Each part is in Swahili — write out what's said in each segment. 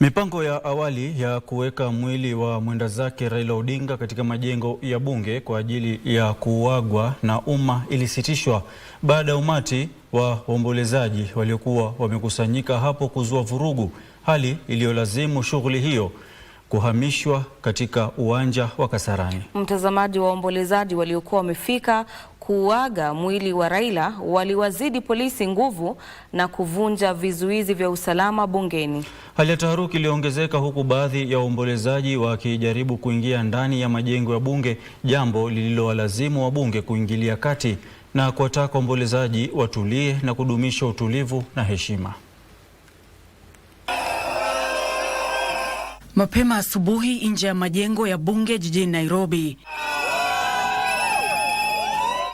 Mipango ya awali ya kuweka mwili wa mwenda zake Raila Odinga katika majengo ya bunge kwa ajili ya kuagwa na umma ilisitishwa baada ya umati wa waombolezaji waliokuwa wamekusanyika hapo kuzua vurugu, hali iliyolazimu shughuli hiyo kuhamishwa katika uwanja wa Kasarani. Mtazamaji, waombolezaji waliokuwa wamefika kuuaga mwili wa Raila waliwazidi polisi nguvu na kuvunja vizuizi vya usalama bungeni. Hali ya taharuki iliongezeka huku baadhi ya waombolezaji wakijaribu kuingia ndani ya majengo ya bunge, jambo lililowalazimu wabunge kuingilia kati na kuwataka waombolezaji watulie na kudumisha utulivu na heshima. Mapema asubuhi nje ya majengo ya bunge jijini Nairobi,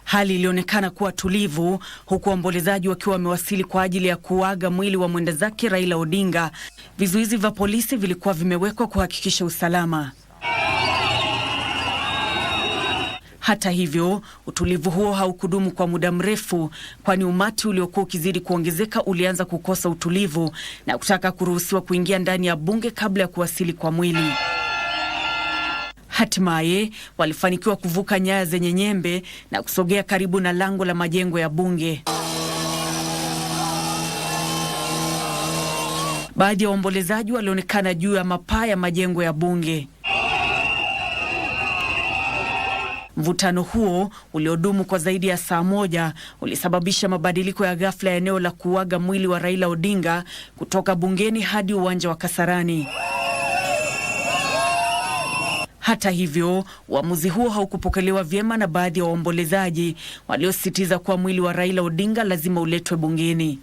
hali ilionekana kuwa tulivu, huku waombolezaji wakiwa wamewasili kwa ajili ya kuaga mwili wa mwenda zake Raila Odinga. Vizuizi vya polisi vilikuwa vimewekwa kuhakikisha usalama. Hata hivyo, utulivu huo haukudumu kwa muda mrefu, kwani umati uliokuwa ukizidi kuongezeka ulianza kukosa utulivu na kutaka kuruhusiwa kuingia ndani ya bunge kabla ya kuwasili kwa mwili. Hatimaye walifanikiwa kuvuka nyaya zenye nyembe na kusogea karibu na lango la majengo ya bunge. Baadhi ya waombolezaji walionekana juu ya mapaa ya majengo ya bunge. Mvutano huo uliodumu kwa zaidi ya saa moja ulisababisha mabadiliko ya ghafla ya eneo la kuaga mwili wa Raila Odinga kutoka bungeni hadi uwanja wa Kasarani. Hata hivyo, uamuzi huo haukupokelewa vyema na baadhi ya waombolezaji waliosisitiza kuwa mwili wa Raila Odinga lazima uletwe bungeni.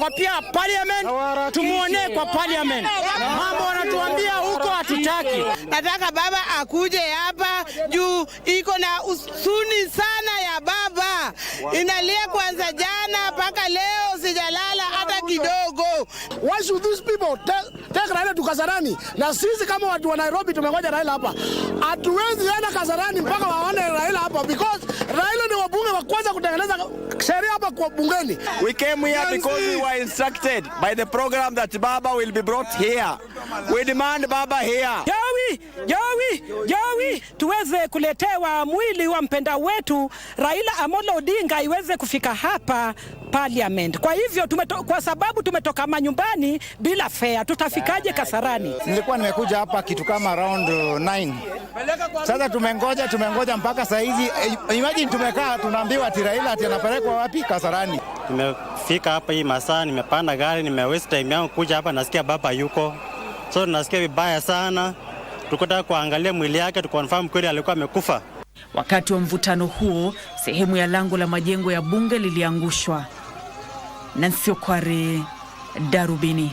kwa pia parliament, tumuonee kwa parliament. Mambo wanatuambia huko hatutaki. Nataka baba akuje hapa juu iko na usuni sana ya baba, inalia kwanza jana mpaka leo sijalala hata kidogo. Why should these people take Raila to Kasarani? Na sisi kama watu wa Nairobi tumengoja Raila hapa, hatuwezi enda Kasarani mpaka waone Raila hapa because Raila ni wabunge wa kwanza kutengeneza huko bungeni. We came here because we were instructed by the program that Baba will be brought here. We demand Baba here. Jowi, Jowi, tuweze kuletewa mwili wa mpenda wetu Raila Amolo Odinga iweze kufika hapa Parliament. Kwa hivyo tumeto, kwa sababu tumetoka manyumbani bila fea tutafikaje Kasarani? Nilikuwa nimekuja hapa kitu kama round 9. Sasa tumengoja tumengoja mpaka saa hizi. Eh, imagine tumekaa tunaambiwa ati Raila ati anapelekwa wapi? Kasarani. Nimefika hapa hii masaa, nimepanda gari, nimewaste time yangu kuja hapa, nasikia baba yuko so nasikia vibaya sana tukutaka kuangalia mwili yake tukonfirm kweli alikuwa amekufa. Wakati wa mvutano huo, sehemu ya lango la majengo ya bunge liliangushwa. nansiokware Darubini.